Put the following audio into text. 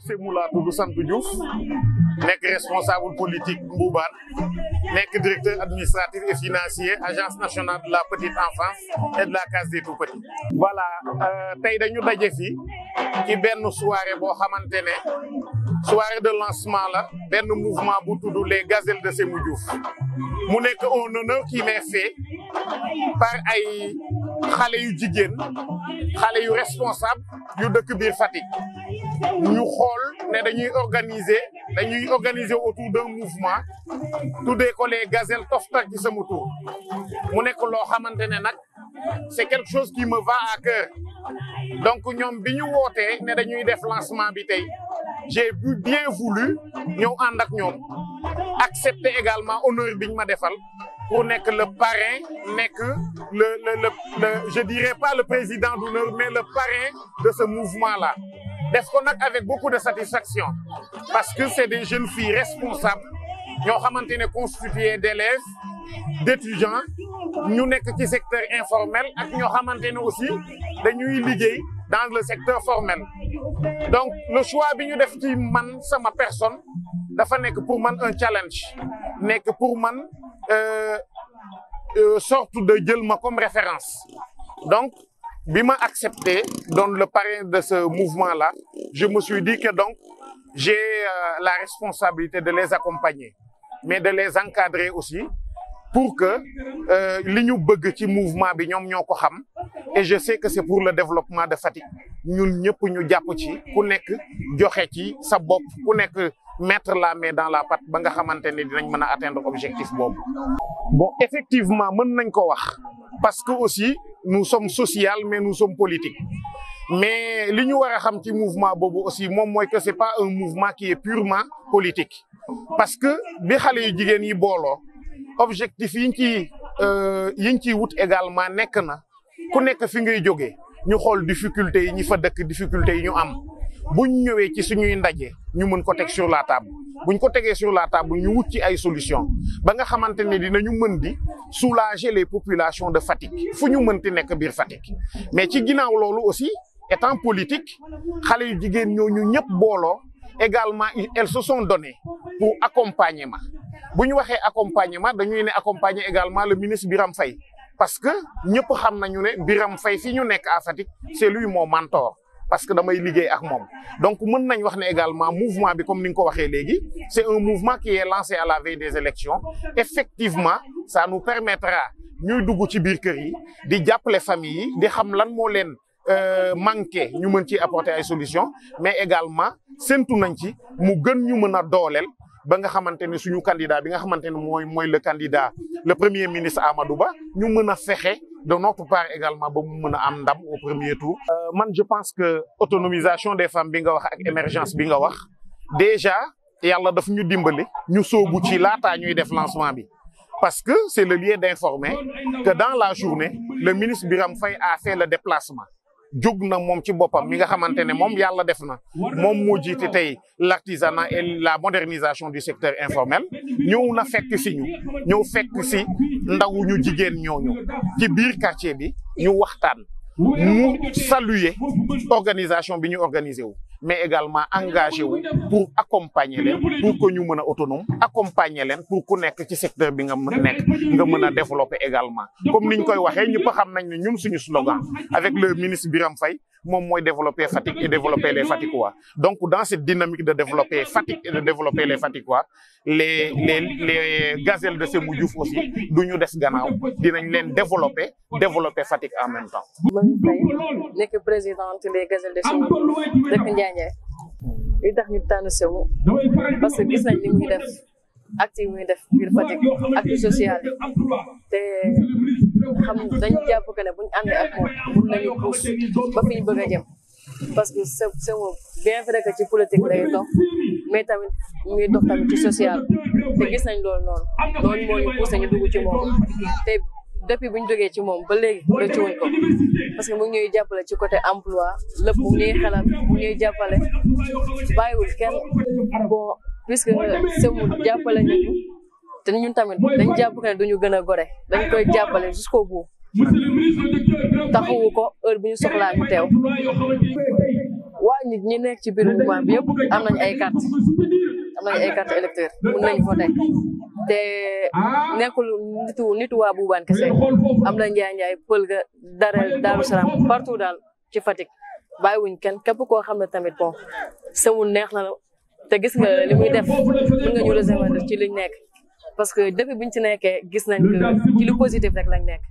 Sémou laa tudd sant Diouf nekk responsable politique Mboubane nekk directeur administratif et financier agence nationale de la petite enfance et de la case des tout petits. voilà euh, tey dañu daje fii benn soirée boo xamante ne soirée de lancement la benn mouvement bu tudd les gazelles de Sémou Diouf mu nekk un honneur qui m'est fait. par ay xale yu jigéen xale yu responsable yu dëkk biir Fatick ñu xool ne dañuy organiser dañuy organiser autour d'un mouvement tuddee ko les gazelles toftal sama tur mu nekk loo xamante ne nag c'est quelque chose qui me va à cœur donc ñoom bi ñu wootee ne dañuy def lancement bi tey j'ai bien voulu ñëw ànd ak ñoom accepter également honneur biñ ma defal pour nekk le parrain nekk le le le le je dirais pas le président d'honneur mais le parrain de ce mouvement là def ko nag avec beaucoup de satisfaction parce que c'est des jeunes filles responsables ñoo xamante ne constituées d'élèves d'étudiants ñu nekk ci secteur informel ak ñoo xamante ne aussi dañuy liggéey dans le secteur formel donc le choix bi ñu def ci man sama personne dafa nekk pour man un challenge nekk pour man euh, euh, sorte de jël ma comme référence donc bi ma accepté doon le parrain de ce mouvement là je me suis dit que donc j'ai euh, la responsabilité de les accompagner mais de les encadrer aussi pour que li ñu bëgg ci mouvement bi ñoom ñoo ko xam et je sais que c'est pour le développement de Fatick ñun ñëpp ñu jàpp ci ku nekk joxe ci sa bopp ku nekk mettre la mais dans la pâte ba nga xamante ne dinañ mën a atteindre objectif boobu. bo effectivement mën nañ ko wax parce que aussi nous sommes social mais nu sommes politique mais li ñu war xam ci mouvement boobu aussi moom mooy que c'est pas un mouvement qui est purement politique. parce que bi xale yu jigéen yi booloo objectif yiñ ciy euh, yiñ ciy wut également nekk na ku nekk fi ngay jógee ñu xool difficulté yi ñi fa dëkk difficulté yi ñu am. buñ ñëwee ci suñuy ndaje ñu mën ko teg sur la table buñ ko tegee sur la table ñu wut ci ay solution ba nga xamante ne dinañu mën di soulager les populations de Fatick fu ñu mënti nekk biir Fatick mais ci ginnaaw loolu aussi étant politique xale yu jigéen ñu ñëpp booloo également elles se sont données pour accompagnement bu ñu waxee accompagnement dañuy ne accompagner également la ministre Birame Faye parce que ñëpp xam nañu ne Birame Faye fi ñu nekk à Fatick c'est lui mon mentor parce que damay liggéey ak moom donc mën nañ wax ne également mouvement bi comme ni nga ko waxee léegi c' est un mouvement qui est lancé à la veille des élections effectivement ça nous permettra ñuy dugg ci biir kër yi di jàppale famille yi di xam lan moo leen euh, manqué ñu mën ci apporter ay solution mais également séntu nañ ci mu gën ñu mën a dooleel ba nga xamante ne suñu candidat bi nga xamante ni mooy mooy le candidat le premier ministre Amadou Ba ñu mën a fexe de notre part également ba mu mën a am ndam au premier tour. Euh, man je pense que autonomisation des femmes bi nga wax ak émergence bi nga wax déjà yàlla daf ñu dimbali ñu soobu ci laataa ñuy def lancement bi. parce que c'est le lieu d'informer que dans la journée le ministre Biram fay a fait le déplacement. jóg na moom ci boppam mi nga xamante ne moom yàlla def na moom moo jiite tey l'artisanat et la modernisation du secteur informel ñëw na fekk si ñu ñëw fekk si ndaw ñu jigéen ñooñu ci biir quartier bi ñu waxtaan mu saluer organisation bi ñu organiser wu mais également engagé wu pour accompagner leen pour ko ñu mën a autonome accompagner leen pour ku nekk ci secteur bi nga nekk nga mën a développer également comme ni ñu koy waxee ñëpp xam nañ ne ñun suñu slogan avec le ministre Birame fay moom mooy développer Fatick et développer les Fatickois donc dans cette dynamique de développer Fatick et de développer les Fatickois les les les gazelles de Sémou Diouf aussi du ñu des gannaaw dinañ leen développé développer Fatick en même temps. nekk présidente les gazelles de Sémou Diouf dëkk Njaañee li tax ñu tànn parce que gis nañ li muy def acte yi muy def biir Fatick acte social te. xam dañ jàpp que ne buñ àndee ak moom nañu puus ba fi ñu a jëm parce que c'est c'est moom bien vrai que ci politique lay dox mais tamit mu ngi social te gis nañ loolu noonu loolu ñu poussé ñu dugg ci moom depuis bu ñu jógee ci moom ba léegi rëccuwuñ ko parce que mu ngi ñuy jàppale ci coté emploi lépp mu ngi ñuy xelal mu ngi ñuy jàppale bàyyiwul kenn bon puisque semu jàppale te ñun tamit dañ jàpp ne duñu gën a gore dañ koy jàppale jusqu'au bout taxawu ko heure bi ñu soxlaa teew waa ñi nekk ci biir mouvement bi yëpp am nañ ay carte am nañ ay carte électeur mun nañ te nekkul nitu nitu waa buubaan kese am na njaay njaay pël ga dara daaru salaam partout daal ci bay wuñ kenn képp koo xam ne tamit bon sewul neex na te gis nga li muy def mën nga ñu réserver ci liñ nekk parce que depuis bu ñu ci nekkee gis nañ que ci lu positif rek lañ nekk.